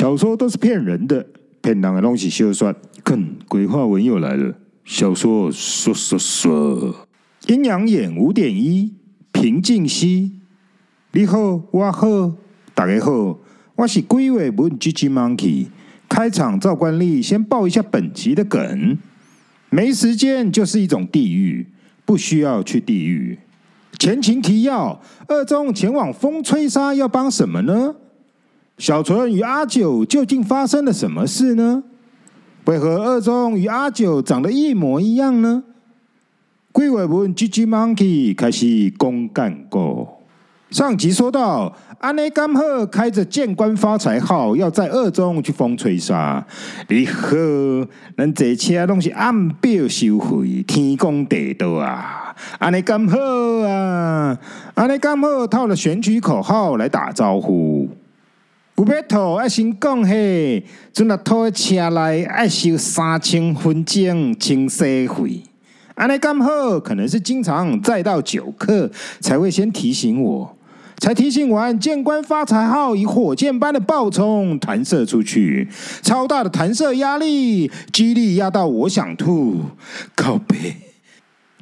小說都是騙人的，騙人的東西就算梗鬼話文又來了，小說說說說。陰陽眼五點一，平靜息你好，我好，大家好，我是鬼尾文 G G Monkey。開場照慣例，先報一下本集的梗。沒時間就是一種地獄，不需要去地獄。前情提要，二中前往風吹沙要幫什麼呢？小純與阿九究竟發生了什麼事呢？為何二中與阿九長得一模一樣呢？鬼話文 GGmonkey 開始公干過。上集說到，阿內甘赫開着“見官發財”號，要在二中去風吹沙。你喝，恁坐車攏是按表收費，天公地道啊！阿內甘赫啊，阿內甘赫套了選舉口號來打招呼。我要吐！阿先講嘿，真的拖去車內，要收三千分鐘清洗費。安尼剛好，可能是經常載到酒客才會先提醒我，才提醒完，見官發財號以火箭般的爆衝彈射出去，超大的彈射壓力，激勵壓到我想吐，告別。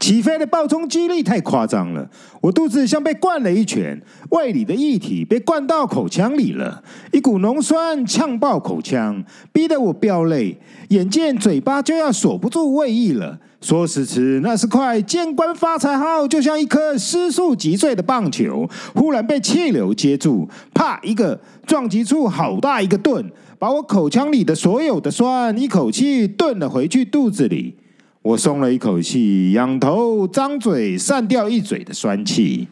起飛的爆衝擊力太誇張了，我肚子像被灌了一拳，胃裡的液體被灌到口腔裡了，一股濃酸嗆爆口腔，逼得我飆淚，眼見嘴巴就要鎖不住胃液了。說時遲，那時快，見官發財號就像一顆失速擊碎的棒球，忽然被氣流接住，啪一個撞擊出好大一個頓，把我口腔裡的所有的酸一口氣頓了回去肚子裡。我鬆了一口氣，仰頭張嘴，散掉一嘴的酸氣。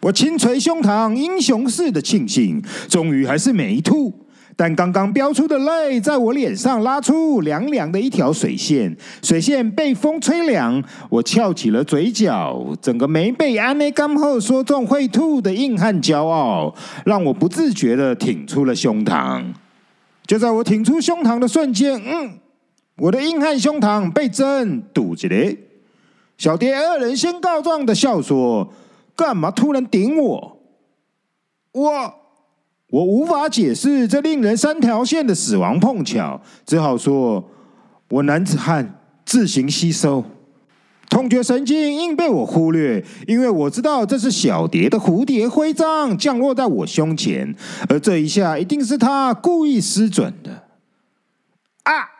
我輕捶胸膛，英雄似的慶幸，終於還是沒吐。但剛剛飆出的淚，在我臉上拉出涼涼的一條水線，水線被風吹涼。我翹起了嘴角，整個沒被安、啊、內甘後說中會吐的硬漢驕傲，讓我不自覺的挺出了胸膛。就在我挺出胸膛的瞬間，嗯。我的硬漢胸膛被針堵起來。小蝶惡人先告狀的笑說：“幹嘛突然頂我？”我我無法解釋這令人三條線的死亡碰巧，只好說，我男子漢自行吸收痛覺神經，硬被我忽略，因為我知道這是小蝶的蝴蝶徽章降落在我胸前，而這一下一定是他故意失準的啊！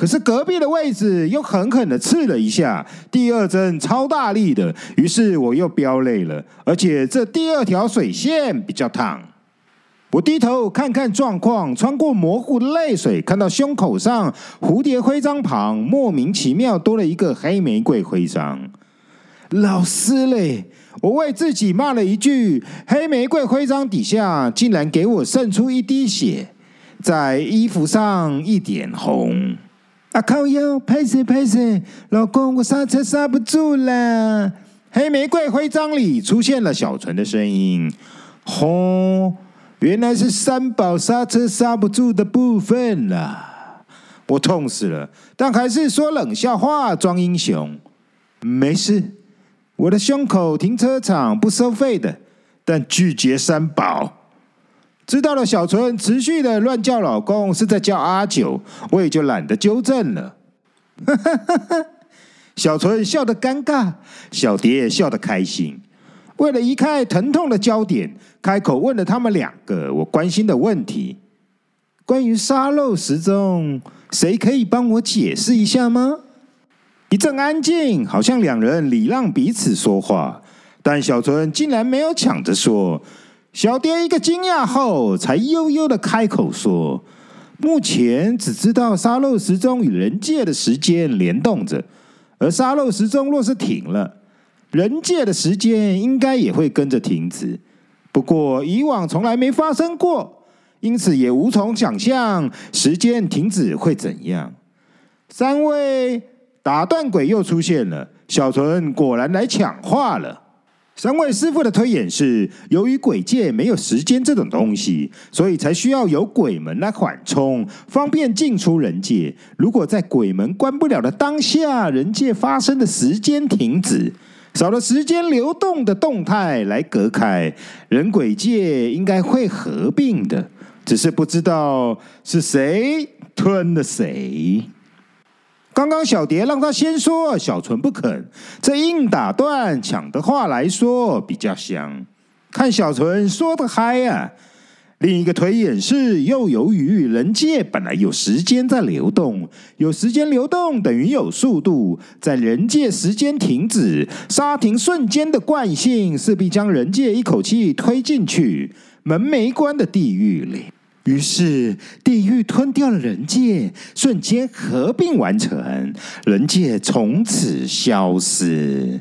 可是隔壁的位置又狠狠的刺了一下，第二針超大力的，於是我又飆淚了。而且這第二條水線比較燙。我低頭看看狀況，穿過模糊的淚水，看到胸口上蝴蝶徽章旁莫名其妙多了一個黑玫瑰徽章。老師嘞，我為自己罵了一句：“黑玫瑰徽章底下竟然給我滲出一滴血，在衣服上一點紅。”啊！靠腰，拍死拍死！老公，我剎車剎不住啦。黑玫瑰徽章裡出現了小純的聲音。吼，原來是三寶剎車剎不住的部分啦，我痛死了。但還是說冷笑話裝英雄，沒事。我的胸口停車場不收費的，但拒絕三寶。知道了，小春持續的亂叫老公是在叫阿九，我也就懶得糾正了。 小春笑得尷尬，小蝶也笑得開心。為了移開疼痛的焦點，開口問了他們兩個我關心的問題：關於沙漏時鐘，誰可以幫我解釋一下嗎？一陣安靜，好像兩人禮讓彼此說話，但小春竟然沒有搶着說。小蝶一個驚訝後，才悠悠的開口說：“目前只知道沙漏時鐘與人界的時間聯動着，而沙漏時鐘若是停了，人界的時間應該也會跟着停止。不過以往從來沒發生過，因此也無從想象時間停止會怎樣。”三位打斷鬼又出現了，小純果然來搶話了。三位師傅的推演是：由於鬼界沒有時間這種東西，所以才需要有鬼門來緩衝，方便進出人界。如果在鬼門關不了的當下，人界發生的時間停止，少了時間流動的動態來隔開，人鬼界應該會合併的。只是不知道是誰吞了誰。剛剛小蝶讓他先說，小純不肯，這硬打斷搶的話來說比較香。看小純說得嗨啊！另一個推演是，又由於人界本來有時間在流動，有時間流動等於有速度，在人界時間停止，剎停瞬間的慣性勢必將人界一口氣推進去，門沒關的地獄裡。於是，地獄吞掉了人界，瞬間合併完成，人界從此消失。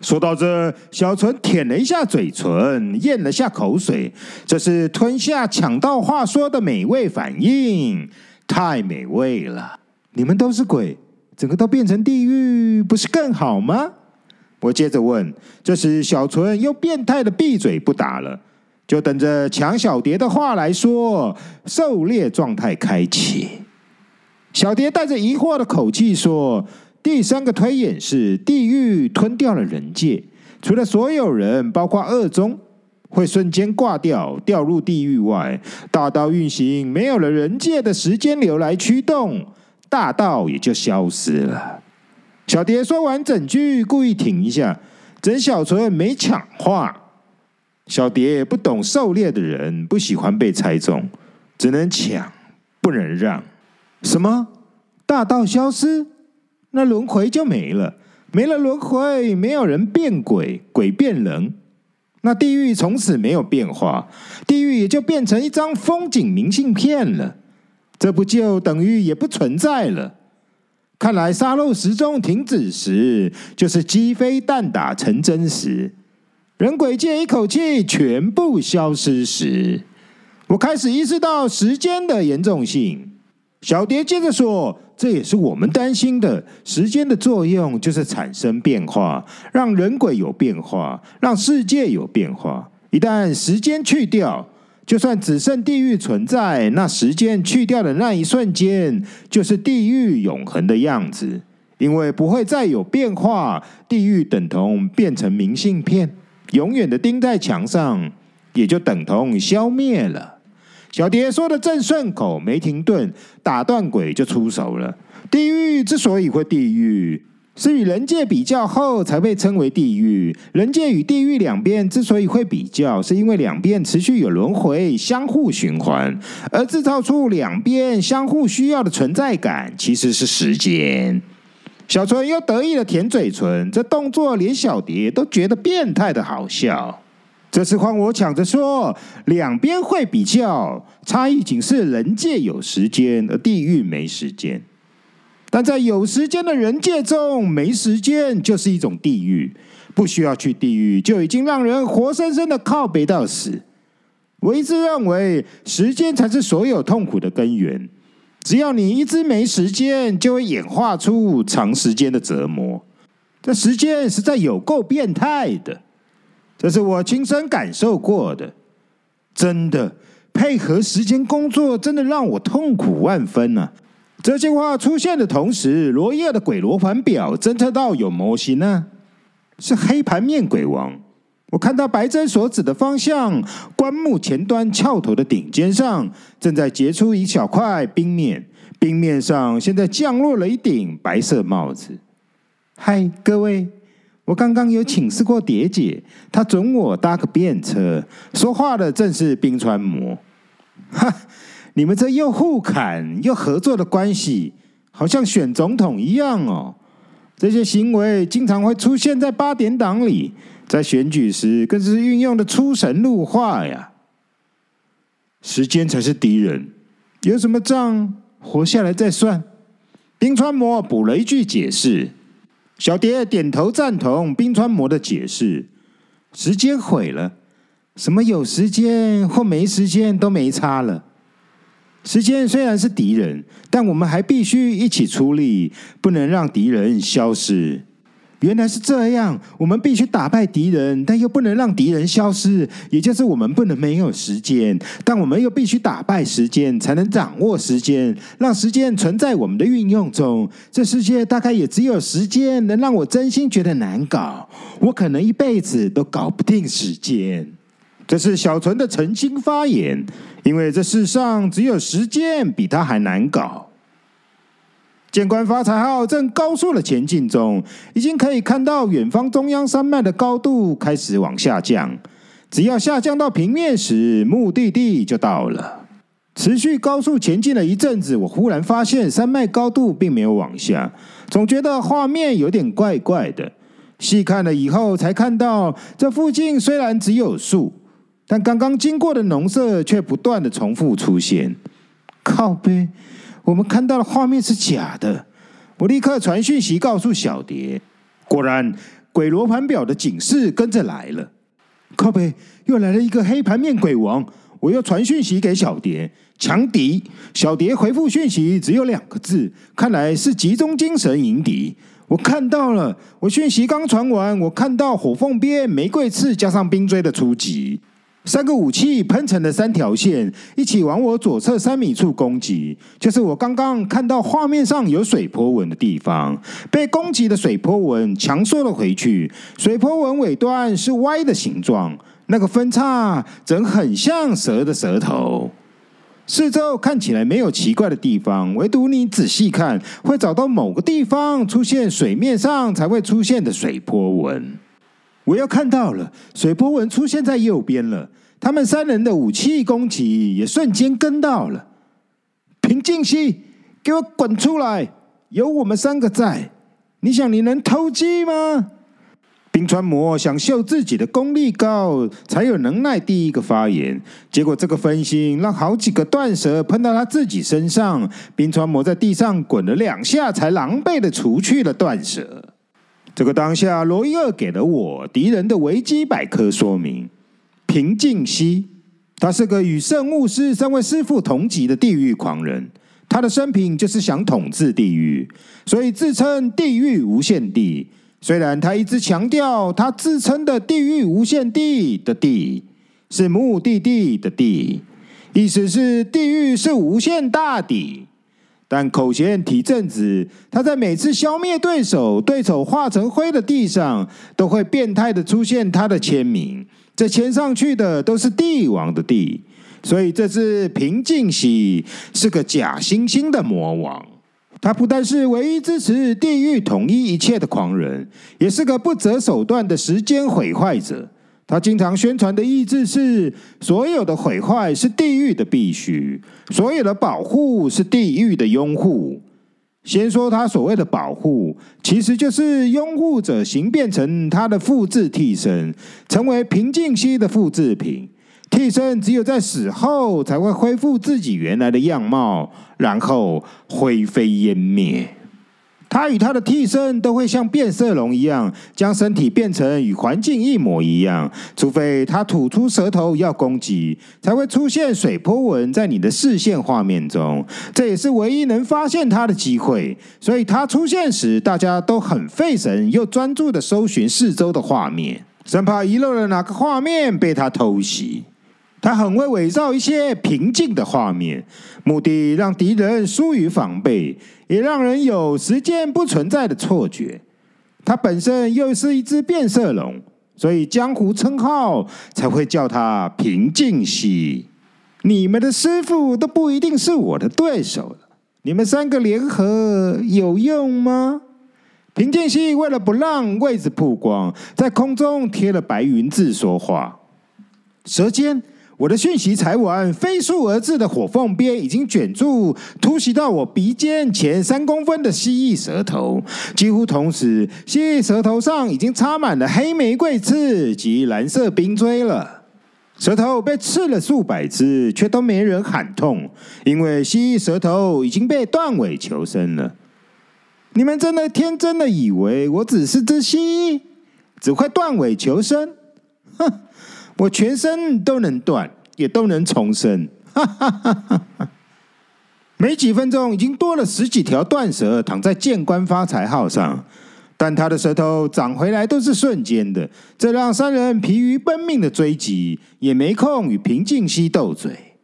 說到這，小純舔了一下嘴唇，咽了一下口水，這是吞下搶到話說的美味反應，太美味了！你們都是鬼，整個都變成地獄，不是更好嗎？我接着問，這時小純又變態的閉嘴不答了。就等着搶小蝶的話來說，狩獵狀態開啟。小蝶帶着疑惑的口氣說：“第三個推演是地獄吞掉了人界，除了所有人，包括二中，會瞬間掛掉，掉入地獄外，大道運行沒有了人界的時間流來驅動，大道也就消失了。”小蝶說完整句，故意停一下，整小純沒搶話。小蝶，不懂狩獵的人不喜歡被猜中，只能搶，不能讓。什麼大道消失？那輪回就沒了，沒了輪回，沒有人變鬼，鬼變人，那地獄從此沒有變化，地獄也就變成一張風景明信片了。這不就等於也不存在了？看來沙漏時鐘停止時，就是雞飛蛋打成真時。人鬼界一口氣全部消失時，我開始意識到時間的嚴重性。小蝶接着說：“這也是我們擔心的。時間的作用就是產生變化，讓人鬼有變化，讓世界有變化。一旦時間去掉，就算只剩地獄存在，那時間去掉的那一瞬間，就是地獄永恆的樣子，因為不會再有變化。地獄等同變成明信片。”永遠的釘在牆上，也就等同消滅了。小蝶說的正順口，沒停頓，打斷鬼就出手了。地獄之所以會地獄，是與人界比較後才被稱為地獄。人界與地獄兩邊之所以會比較，是因為兩邊持續有輪迴，相互循環，而制造出兩邊相互需要的存在感，其實是時間。小春又得意的舔嘴唇，這動作連小蝶都覺得變態的好笑。這次換我搶着說，兩邊會比較，差異僅是人界有時間，而地獄沒時間。但在有時間的人界中，沒時間就是一種地獄，不需要去地獄，就已經讓人活生生的靠北到死。我一直認為，時間才是所有痛苦的根源。只要你一直沒時間，就會演化出長時間的折磨。這時間實在有夠變態的，這是我親身感受過的，真的。配合時間工作，真的讓我痛苦萬分吶、啊。這句話出現的同時，羅一二的鬼羅盤表偵測到有魔型啊，是黑盤面鬼王。我看到白珍所指的方向，棺木前端翹頭的頂尖上正在結出一小塊冰面，冰面上現在降落了一頂白色帽子。嗨，各位，我剛剛有請示過蝶姐，她准我搭個便車。說話的正是冰川魔。哈，你們這又互砍又合作的關係，好像選總統一樣哦。這些行為經常會出現在八點檔裡。在選舉時，更是運用得出神入化呀！時間才是敵人，有什麼賬活下來再算。冰川魔補了一句解釋，小蝶點頭贊同冰川魔的解釋。時間毀了，什麼有時間或沒時間都沒差了。時間雖然是敵人，但我們還必須一起出力，不能讓敵人消失。原來是這樣，我們必須打敗敵人，但又不能讓敵人消失，也就是我們不能沒有時間，但我們又必須打敗時間，才能掌握時間，讓時間存在我們的運用中。這世界大概也只有時間能讓我真心覺得難搞，我可能一輩子都搞不定時間。這是小純的誠心發言，因為這世上只有時間比他還難搞。建官發財號正高速的前進中，已經可以看到遠方中央山脈的高度開始往下降。只要下降到平面時，目的地就到了。持續高速前進了一陣子，我忽然發現山脈高度並沒有往下，總覺得畫面有點怪怪的。細看了以後，才看到這附近雖然只有樹，但剛剛經過的農舍卻不斷地重複出現。靠北。我們看到的畫面是假的，我立刻傳訊息告訴小蝶，果然鬼羅盤錶的警示跟着來了。靠北，又來了一個黑盤面鬼王，我又傳訊息給小蝶，強敵。小蝶回復訊息只有兩個字，看來是集中精神迎敵，我看到了。我訊息剛傳完，我看到火鳳鞭、玫瑰刺加上冰錐的出擊。三個武器噴成的三條線，一起往我左側三米處攻擊，就是我剛剛看到畫面上有水波紋的地方。被攻擊的水波紋強縮了回去，水波紋尾端是歪的形狀，那個分叉整很像蛇的舌頭。四周看起來沒有奇怪的地方，唯獨你仔細看，會找到某個地方出現水面上才會出現的水波紋。我又看到了水波紋出現在右邊了，他們三人的武器攻擊也瞬間跟到了。平靜蜥，給我滾出來！有我們三個在，你想你能偷雞嗎？冰川魔想秀自己的功力高，才有能耐第一個發言。結果這個分心，讓好幾個斷舌碰到他自己身上。冰川魔在地上滾了兩下，才狼狽的除去了斷舌。這個當下，羅一二給了我敵人的維基百科說明：平靜蜥，他是個與聖牧師三位師父同級的地獄狂人。他的生平就是想統治地獄，所以自稱“地獄無限地”。雖然他一直強調，他自稱的“地獄無限地”的“地”是目的地的“地”，意思是地獄是無限大的。但口嫌體正直，他在每次消滅對手、對手化成灰的地上，都會變態的出現他的簽名。這簽上去的都是帝王的帝，所以這是平靜蜥是個假惺惺的魔王。他不但是唯一支持地獄統一一切的狂人，也是個不擇手段的時間毀壞者。他經常宣傳的意志是：所有的毀壞是地獄的必須，所有的保護是地獄的擁護。先說他所謂的保護，其實就是擁護者形變成他的複製替身，成為平靜蜥的複製品。替身只有在死後才會恢復自己原來的樣貌，然後灰飛煙滅。他與他的替身都會像變色龍一樣，將身體變成與環境一模一樣，除非他吐出舌頭要攻擊，才會出現水波紋在你的視線畫面中。這也是唯一能發現他的機會，所以他出現時，大家都很費神又專注地搜尋四周的畫面，生怕遺漏了哪個畫面被他偷襲。他很會偽造一些平靜的畫面，目的讓敵人疏於防備，也讓人有時間不存在的錯覺。他本身又是一隻變色龍，所以江湖稱號才會叫他「平靜蜥」。你們的師傅都不一定是我的對手，你們三個聯合有用嗎？平靜蜥為了不讓位置曝光，在空中貼了白雲字說話，舌尖。我的訊息才完，飛速而至的火鳳鞭已經捲住突襲到我鼻尖前三公分的蜥蜴舌頭。幾乎同時，蜥蜴舌頭上已經插滿了黑玫瑰刺及藍色冰錐了。舌頭被刺了數百次，卻都沒人喊痛，因為蜥蜴舌頭已經被斷尾求生了。你們真的天真的以為我只是只蜥蜴，只會斷尾求生？哼！我全身都能斷，也都能重生，哈哈哈哈哈！沒幾分鐘，已經多了十幾條斷舌躺在“見官發財號”上，但他的舌頭長回來都是瞬間的，這讓三人疲於奔命的追擊，也沒空與平靜蜥鬥嘴。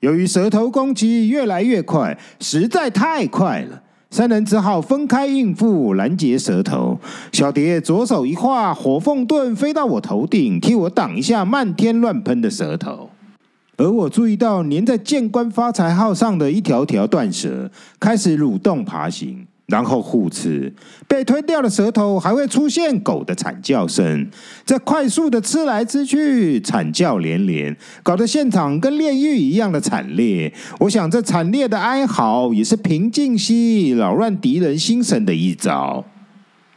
由於舌頭攻擊越來越快，實在太快了。三人只好分開應付，攔截舌頭。小蝶左手一畫，火鳳盾飛到我頭頂，替我擋一下漫天亂噴的舌頭。而我注意到粘在“見官發財號”上的一條條斷舌開始蠕動爬行。然後互吃，被推掉的舌頭還會出現狗的慘叫聲，這快速的吃來吃去，慘叫連連，搞得現場跟煉獄一樣的慘烈。我想這慘烈的哀嚎，也是平靜蜥擾亂敵人心神的一招。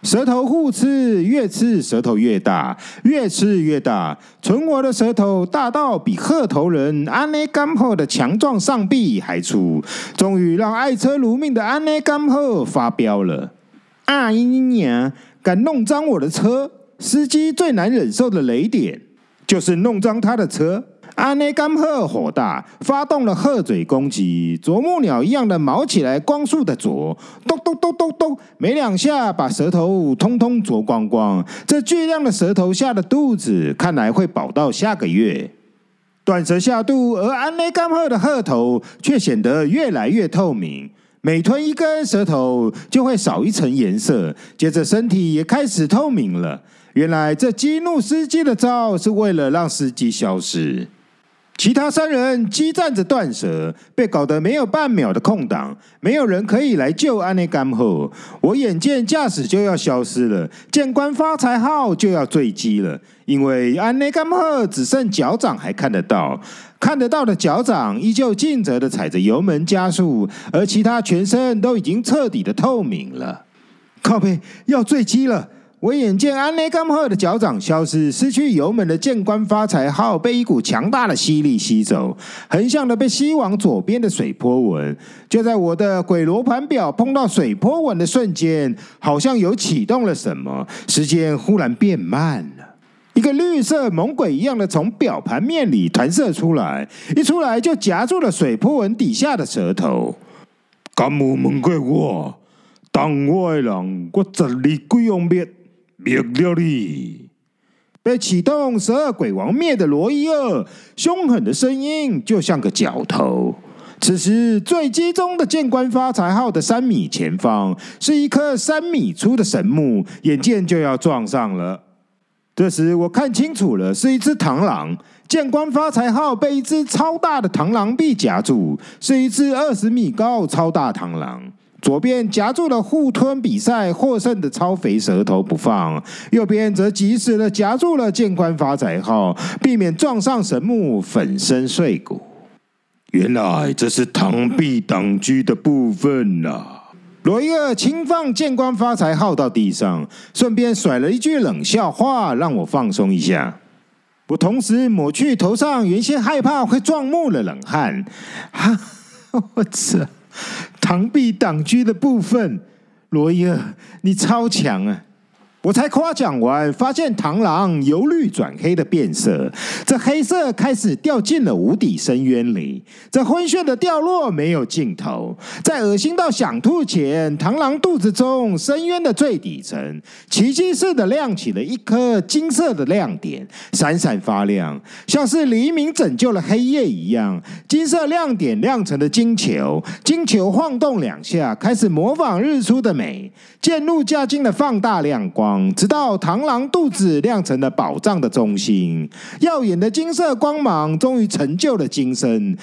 舌頭互吃，越吃舌頭越大，越吃越大。蠢貨的舌頭大到比鶴頭人安內干赫的強壯上臂還粗，終於讓愛車如命的安內干赫發飆了！啊嚶嚶呀，敢弄髒我的車！司機最難忍受的雷點，就是弄髒他的車。安內、啊、甘赫火大，發動了鶴嘴攻擊，啄木鳥一樣的毛起來，光速的啄，咚咚咚咚咚，沒兩下把舌頭通通啄光光。這巨量的舌頭下的肚子，看來會飽到下個月，斷舌下肚。而安、啊、內甘赫的鶴頭卻顯得越來越透明，每吞一根舌頭就會少一層顏色，接着身體也開始透明了。原來這激怒司機的招是為了讓司機消失。其他三人激戰着斷舌，被搞得沒有半秒的空檔，沒有人可以來救安內甘赫。我眼見駕駛就要消失了，見官發財號就要墜機了，因為安內甘赫只剩腳掌還看得到，看得到的腳掌依舊盡責的踩着油門加速，而其他全身都已經徹底的透明了。靠北，要墜機了！我眼見安內甘木號的腳掌消失，失去油門的“見官發財號”被一股強大的吸力吸走，橫向的被吸往左邊的水波紋。就在我的鬼羅盤表碰到水波紋的瞬間，好像有啟動了什麼，時間忽然變慢了。一個綠色猛鬼一樣的從表盤面裡彈射出來，一出來就夾住了水波紋底下的舌頭。干木猛鬼，我當外的人，我十二鬼王滅。滅掉被啟動十二鬼王滅的羅一二，凶狠的聲音就像個教頭。此時最集中的“見官發財號”的三米前方是一棵三米粗的神木，眼見就要撞上了。這時我看清楚了，是一隻螳螂，“見官發財號”被一隻超大的螳螂臂夾住，是一隻二十米高超大螳螂。左邊夾住了互吞比賽獲勝的超肥舌頭不放，右邊則及時的夾住了見官發財號，避免撞上神木粉身碎骨。原來這是螳臂擋車的部分吶、啊！羅一二輕放見官發財號到地上，順便甩了一句冷笑話讓我放鬆一下。我同時抹去頭上原先害怕會撞木的冷汗。啊、我螳臂擋車的部分，羅一二，你超強啊！我才誇獎完，發現螳螂由綠轉黑的變色，這黑色開始掉進了無底深淵裡。這昏眩的掉落沒有盡頭，在惡心到想吐前，螳螂肚子中深淵的最底層，奇蹟似的亮起了一顆金色的亮點，閃閃發亮，像是黎明拯救了黑夜一樣。金色亮點亮成了金球，金球晃動兩下，開始模仿日出的美，漸入佳境的放大亮光。直到螳螂肚子亮成了寶藏的中心，耀眼的金色光芒終於成就了金身。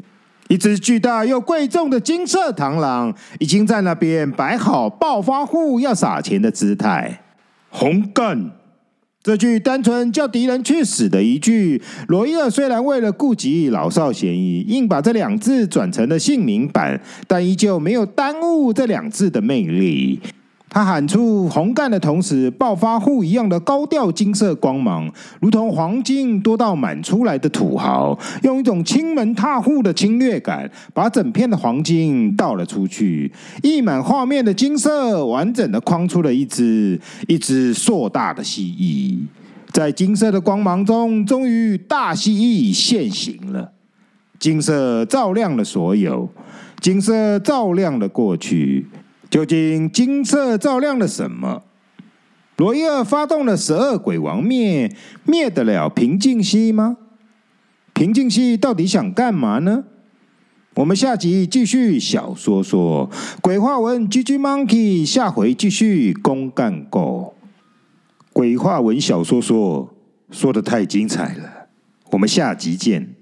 一隻巨大又貴重的金色螳螂已經在那邊擺好暴發戶要撒錢的姿態。紅幹。這句單純叫敵人去死的一句。羅一二雖然為了顧及老少咸宜，硬把這兩字轉成了姓名版，但依舊沒有耽誤這兩字的魅力。他喊出“紅幹”的同時，暴發戶一樣的高調金色光芒，如同黃金多到滿出來的土豪，用一種清門踏戶的侵略感，把整片的黃金倒了出去，溢滿畫面的金色，完整的框出了一隻一隻碩大的蜥蜴。在金色的光芒中，終於大蜥蜴現形了。金色照亮了所有，金色照亮了過去。究竟金色照亮了什麼？羅一二發動了十二鬼王滅，滅得了平靜蜥嗎？平靜蜥到底想幹嘛呢？我們下集繼續小說說鬼話文，GGmonkey 下回繼續公幹狗鬼話文小說說說得太精彩了，我們下集見。